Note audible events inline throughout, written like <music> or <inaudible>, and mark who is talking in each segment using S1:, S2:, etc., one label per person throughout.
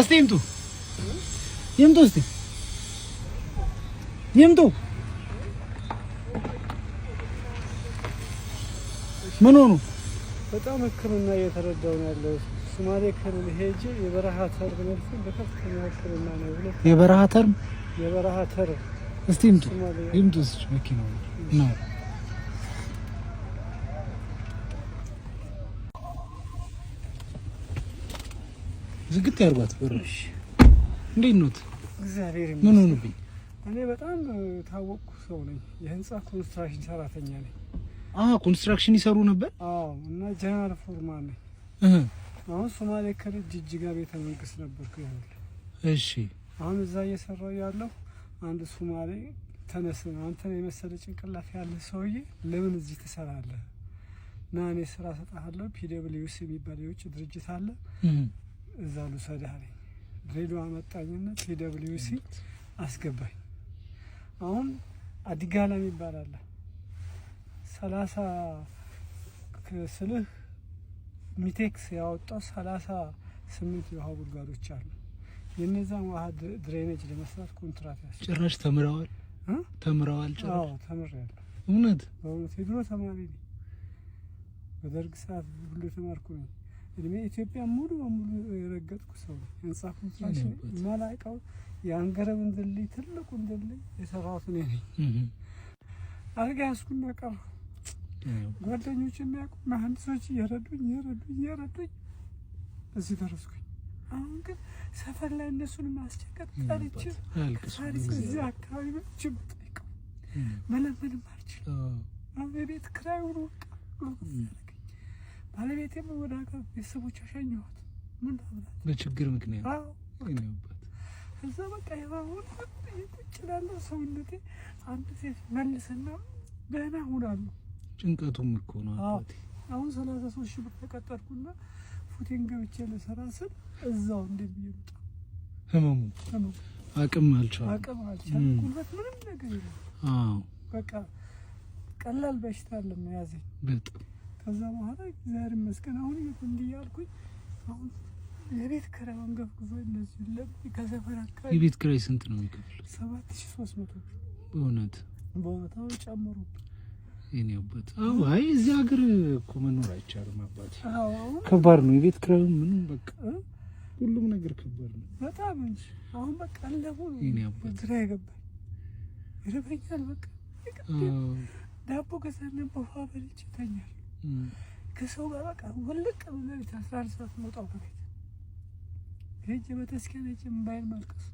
S1: እስቲ ይምጡ ይምጡ እስቲ ይምጡ። ምን ሆኑ?
S2: በጣም ሕክምና እየተረዳሁ ነው ያለው። ሶማሌ ክልል ሄጄ የበረሃ ተርብ መድፍን በከፍተኛ ሕክምና ነው ብሎ
S1: የበረሃ ተርብ
S2: የበረሃ ተርብ
S1: እስቲ ይምጡ ይምጡ። እስኪ መኪናው ነው ዝግት ያርጓት በራሽ እንዴት ነው? እግዚአብሔር ምን ሆንብኝ?
S2: እኔ በጣም ታወቅኩ ሰው ነኝ። የህንጻ ኮንስትራክሽን ሰራተኛ ነኝ።
S1: አዎ ኮንስትራክሽን ይሰሩ ነበር?
S2: አዎ። እና ጀነራል ፎርማ ነኝ። አሁን ሶማሌ ክልል ጅጅጋ ቤተ መንግስት ነበርኩ። እሺ። አሁን እዛ እየሰራው ያለው አንድ ሶማሌ ተነስ፣ አንተ የመሰለ ጭንቅላት ያለ ሰውዬ ለምን እዚህ ትሰራለህ? ና እኔ ስራ ሰጣለሁ። ፒ ሲ የሚባል የውጭ ድርጅት አለ እዛ ልውሰድህ አለኝ። ድሬዳዋ መጣኝና ቲደብሊዩሲ አስገባኝ። አሁን አዲጋላም ይባላል አለ። ሰላሳ ስልህ ሚቴክስ ያወጣው ሰላሳ ስምንት የውሃ ጉድጓዶች አሉ። የነዛን ውሃ ድሬኔጅ ለመስራት ኮንትራት ያስ
S1: ጭራሽ ተምረዋል ተምረዋል።
S2: ጭራሽ ተምሬያለሁ። እውነት በእውነት የድሮ ተማሪ ነኝ። በደርግ ሰዓት ሁሉ የተማርኩ ነው። እድሜ ኢትዮጵያ ሙሉ በሙሉ የረገጥኩ ሰው ነው። ህንፃ ኮንስትራክሽን ማላውቀው የአንገረብ እንድልይ ትልቁ እንድልይ የሰራሁት እኔ ነኝ። አልጋ ያስኩን ቀረ። ጓደኞች የሚያውቁ መሀንዲሶች እየረዱኝ እየረዱኝ እየረዱኝ እዚህ ደረስኩኝ። አሁን ግን ሰፈር ላይ እነሱን ማስቸገር ጠርች ታሪክ እዚህ አካባቢ ምችም ጠይቀው መለመንም
S1: አልችልም።
S2: አሁን የቤት ክራይ ሆኖ ባለቤቴም ወደ ሀገር ቤተሰቦች ያሸኘኋት ምን ታምራት
S1: በችግር ምክንያት
S2: እዛ በቃ የባቡር ቁጭ ላለው ሰውነቴ አንድ ሴት መልስና ደህና ሁናሉ።
S1: ጭንቀቱም እኮ ነው።
S2: አሁን ሰላሳ ሶስት ሺህ ብር ተቀጠርኩና ፉቴን ገብቼ ልሰራ ስል እዛው እንደሚመጣ
S1: ህመሙ አቅም አልቻል
S2: አቅም አልቻል ጉልበት ምንም ነገር
S1: የለም።
S2: በቃ ቀላል በሽታ አለ መያዘኝ በጣም ከዛ በኋላ እግዚአብሔር ይመስገን አሁን እንዲህ ያልኩኝ አሁን የቤት ኪራዩን ገፍግፎ እንደዚህ ከሰፈር አካባቢ
S1: የቤት ክራይ ስንት ነው የሚከፍለው?
S2: ሰባት ሺህ ሦስት መቶ በእውነት በእውነት አሁን ጨምሮብኝ
S1: የኔ አባት አዎ፣ አይ እዚህ ሀገር እኮ መኖር አይቻልም አባቴ። ከባድ ነው የቤት ኪራዩ ምን በቃ ሁሉም ነገር ከባድ ነው
S2: በጣም እንጂ። አሁን በቃ አለፉ የኔ አባት ስራ ይገባል ይረፈኛል። በቃ ዳቦ ገዛን በኋላ በልቼ ከሰው ጋር በቃ ወለቀ በቤት አስራ አንድ ሰዓት መውጣው ከቤት ሄጄ ቤተክርስቲያን ሄጄ እምባዬን ማልቀስ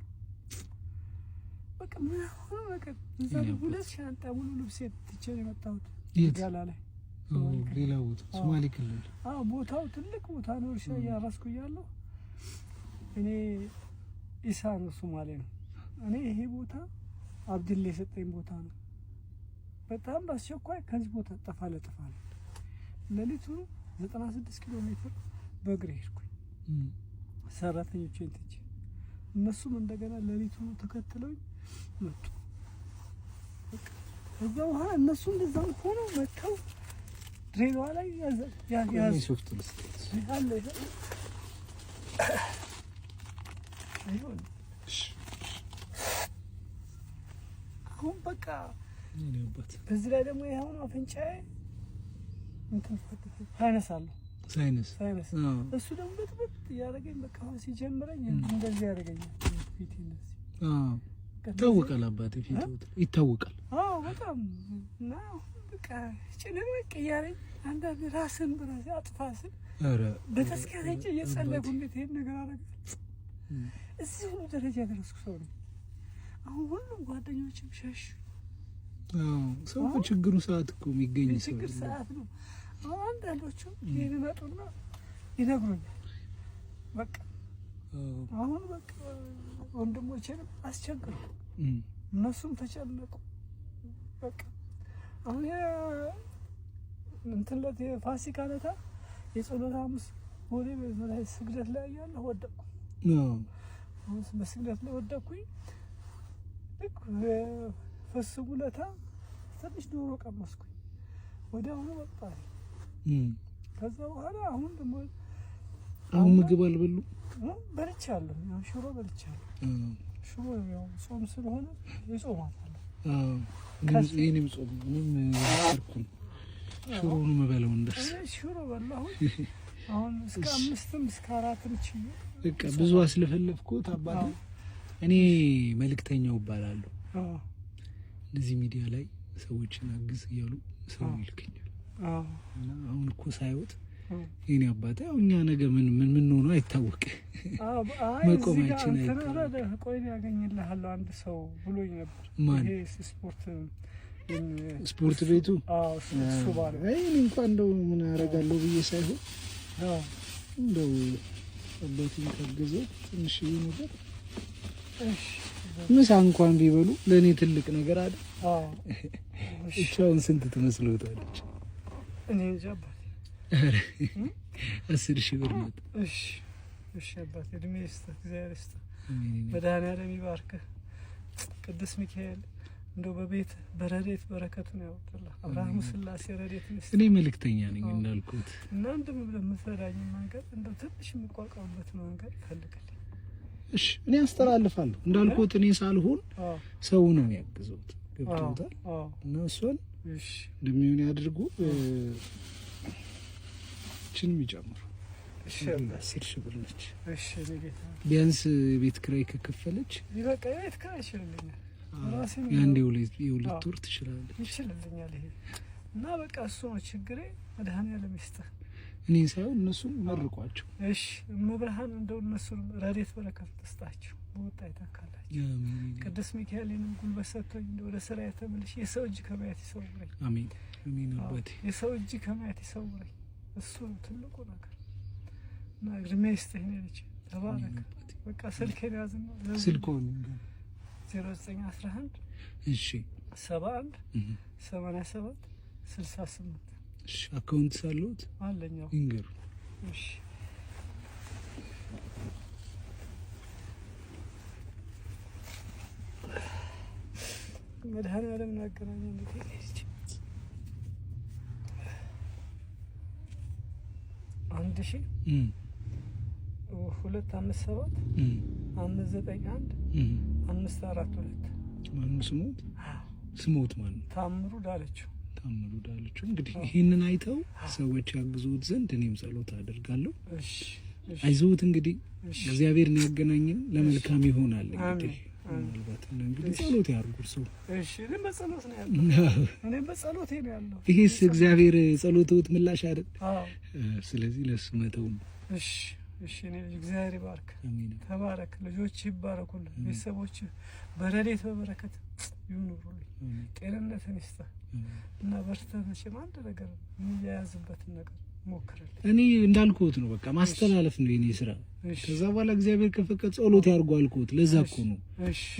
S2: በቃ ምን ሆነ በቃ እዛ ሁለት ሻንጣ ሙሉ ልብስ ትቼ የመጣሁት። ጋላ ላይ
S1: ሌላ ቦታ ሶማሌ ክልል።
S2: አዎ ቦታው ትልቅ ቦታ ነው። እርሻ እያረስኩ እያለሁ እኔ ኢሳ ነው ሶማሌ ነው። እኔ ይሄ ቦታ አብድላ የሰጠኝ ቦታ ነው። በጣም በአስቸኳይ ከዚህ ቦታ ጠፋ ለጠፋ ሌሊቱ 96 ኪሎ ሜትር በእግሬ ሄድኩኝ። ሰራተኞቼን ትቼ እነሱም እንደገና ሌሊቱ ተከትለውኝ መጡ። እዛ ውሃ እነሱ እንደዛም ሆኖ መጥተው ድሬዳዋ ላይ አሁን በቃ በዚህ ላይ ደግሞ ይኸውን አፍንጫዬ ሳይነስ ሳይነስ ሳይነስ እሱ ደግሞ በትምህርት እያደረገኝ በቃ ሲጀምረኝ እንደዚህ ያደረገኛል። ፊት
S1: ይታወቃል፣ አባቴ ፊት ይታወቃል።
S2: አዎ በጣም እና በቃ ጭንቅ እያለኝ አንዳንድ ራስን በራሴ አጥፋ ስል በተስኪያሬ እየጸለኩ እንዴት ይሄን ነገር አደረገ። እዚህ ሁሉ ደረጃ ያደረስኩ ሰው ነው። አሁን ሁሉም ጓደኞችም ሸሹ
S1: ሰው ችግሩ ሰዓት እኮ የሚገኝ ሰው
S2: ሰዓት ነው። አሁን አንዳንዶቹ ይመጡና ይነግሩኛል። በቃ አሁን በቃ ወንድሞቼንም አስቸግሩ፣ እነሱም ተጨነቁ። በቃ አሁን እንትን ዕለት የፋሲካ ዕለት የጸሎት አምስ ሆኔ በላይ ስግደት ላይ ያለሁ ወደቅኩ። በስግደት ላይ ወደቅኩኝ ፍስጉ ለታ ትንሽ ዶሮ ቀመስኩኝ። ወደ አሁኑ ወጣ። ከዛ በኋላ አሁን ደሞ
S1: አሁን ምግብ አልበሉ
S2: በልቻለሁ። ያው ሽሮ በልቻለሁ። ሽሮ ያው ጾም ስለሆነ ይጾማታለሁ።
S1: እኔም ጾም እኔም አልኩኝ ሽሮ ነው የምበለው። እንደርስ
S2: ሽሮ በላሁ። አሁን እስከ አምስትም እስከ አራትም ችዬ
S1: በቃ ብዙ አስለፈለፍኩት። አባቴ እኔ መልእክተኛው እባላለሁ። እነዚህ ሚዲያ ላይ ሰዎችን አግዝ እያሉ ሰው ይልክኛል እና አሁን እኮ ሳይወጥ የኔ አባት ያው እኛ ነገ ምን ምን ምን ሆኖ አይታወቅ፣
S2: መቆማችን አይታወቅ። ቆይ ያገኝልሃለሁ አንድ ሰው ብሎኝ ነበር። ማን ስፖርት
S1: ስፖርት ቤቱ ይህን እንኳ እንደው ምን አደርጋለሁ ብዬ ሳይሆን እንደው አባቴን ካገዘው ትንሽ ነገር ምሳ እንኳን ቢበሉ ለእኔ ትልቅ ነገር አለ። ብቻውን <laughs> ስንት ትመስለታለች?
S2: እኔ እንጃ አባቴ።
S1: አስር ሺህ ብር ነው።
S2: እሺ እሺ አባቴ፣ እድሜ ይስጥህ፣ እግዚአብሔር ይስጥህ፣ መድኃኒዓለም ይባርክህ፣ ቅዱስ ሚካኤል እንደው በቤት በረዴት በረከት ነው ያወጣልህ፣ አብርሃም ስላሴ ረዴት ነው።
S1: እኔ መልእክተኛ ነኝ እንዳልኩት
S2: እና እንደምብለ ብለህ የምትረዳኝ መንገድ እንደው ትንሽ የሚቋቋምበት መንገድ ፈልግልኝ።
S1: እሺ እኔ አስተላልፋለሁ እንዳልኩት እኔ ሳልሆን ሰው ነው የሚያግዘውት። ገብቶታል እና እሷን እንደሚሆን ያድርጉ። እችንም ይጨምሩ። አስር ሺህ ብር ነች። ቢያንስ የቤት ክራይ ከከፈለች የአንድ የሁለት ወር ትችላለች
S2: እና በቃ እሱ ነው ችግሬ። መድኃኒዓለም ይስጥህ
S1: እኔን ሳይሆን እነሱን መርቋቸው።
S2: እሺ እመብርሃን እንደው እነሱን ረዴት በረከት ትስጣቸው፣ በወጣ ይተካላቸው። ቅዱስ ሚካኤልንም ጉልበት ሰጥቶኝ እንደ ወደ ስራ የተመልሽ የሰው እጅ ከማየት ይሰውረኝ።
S1: አሜን አሜን። አባቴ
S2: የሰው እጅ ከማየት ይሰውረኝ። እሱ ትልቁ ነገር እና እድሜ ይስጥህ። እኔ ልጅ ተባረክ። በቃ ስልኬን ያዝና ስልኮን ዜሮ ዘጠኝ አስራ አንድ እሺ ሰባ አንድ ሰማንያ ሰባት ስልሳ ስምንት
S1: አካውንት ሳለሁት አለኛው ይንገሩ።
S2: እሺ መድኃኒዓለም ናገናኘ አንድ ሺ ሁለት አምስት ሰባት አምስት ዘጠኝ አንድ አምስት አራት ሁለት
S1: ማነው ስሞት ስሞት ማነው
S2: ታምሩ ዳለችው
S1: ታምሩ ዳለች። እንግዲህ ይህንን አይተው ሰዎች ያግዙት ዘንድ እኔም ጸሎት አደርጋለሁ። አይዞት እንግዲህ እግዚአብሔር ነው ያገናኘን፣ ለመልካም ይሆናል። እንግዲህ ምናልባት እንግዲህ ጸሎት ያርጉ ሰው። ይህስ እግዚአብሔር ጸሎት ምላሽ አይደል? ስለዚህ ለሱ መተው ነው።
S2: እሺ እኔ ልጅ እግዚአብሔር ይባርክ፣ ተባረክ፣ ልጆች ይባረኩል ቤተሰቦች በረዴት በበረከት ይኑሩልህ፣ ጤንነትን ይስጥህ እና መቼም አንድ ነገር የሚያያዝበትን ነገር
S1: እኔ እንዳልኩት ነው፣ በቃ ማስተላለፍ ነው የኔ ስራ። ከዛ በኋላ እግዚአብሔር ከፈቀደ ጸሎት ያርጉ አልኩት። ለዛ እኮ ነው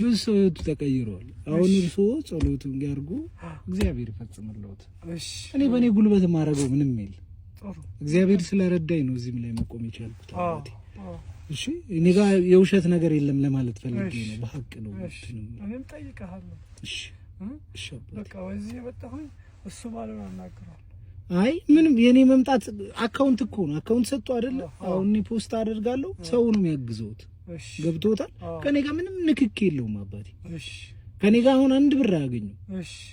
S1: ብዙ ሰው ተቀይሯል። አሁን እርስዎ ጸሎቱን ያርጉ፣ እግዚአብሔር እኔ በእኔ ጉልበት ማድረገው ምንም የለም። እግዚአብሔር ስለረዳኝ ነው እዚህም ላይ መቆም የቻልኩት። እሺ እኔ ጋር የውሸት ነገር የለም ለማለት ፈልጌ ነው። በሀቅ ነው።
S2: እኔም ጠይቀሃለሁ።
S1: እሺ እሺ፣
S2: በቃ ወዚህ የመጣሁኝ እሱ ባለው አናግረዋል።
S1: አይ ምንም የኔ መምጣት አካውንት እኮ ነው። አካውንት ሰጥቶ አይደለ? አሁን እኔ ፖስት አደርጋለሁ። ሰው ነው የሚያግዘውት። ገብቶታል። ከኔ ጋር ምንም ንክክ የለውም አባቴ። እሺ ከኔ ጋር አሁን አንድ ብር አያገኙ።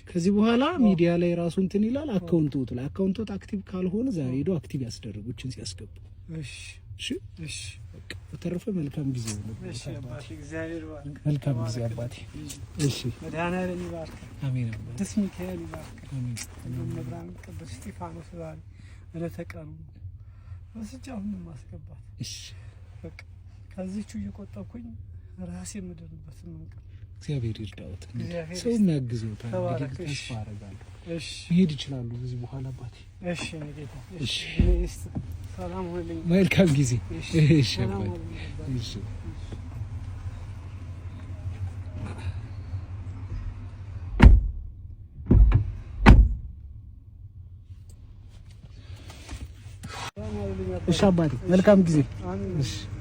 S1: ከዚህ በኋላ ሚዲያ ላይ ራሱ እንትን ይላል። አካውንት ውት ላይ አካውንት ውት አክቲቭ ካልሆነ ዛሬ ሄዶ አክቲቭ ያስደረጉችን ሲያስገቡ።
S2: እሺ፣
S1: እሺ። በተረፈ መልካም ጊዜ ነው።
S2: እሺ አባቴ፣ እግዚአብሔር ይባርክ።
S1: መልካም ጊዜ አባቴ። እሺ፣
S2: መድኃኒዓለም ይባርክ። አሜን። ቅዱስ ሚካኤል ይባርክ። አሜን። መብራን ቅዱስ እስጢፋኖስ ይባርክ። ለተቀኑ ወስጃው ምን ማስገባት። እሺ፣ በቃ ከዚህቹ እየቆጠብኩኝ ራሴ የምድርበትን መንቀል
S1: እግዚአብሔር ይርዳውት፣ ሰው የሚያግዘው
S2: ተስፋ
S1: አደርጋለሁ። መሄድ ይችላሉ ከዚህ በኋላ አባቴ። መልካም ጊዜ። እሺ አባቴ፣ እሺ እሺ አባቴ፣ መልካም ጊዜ። እሺ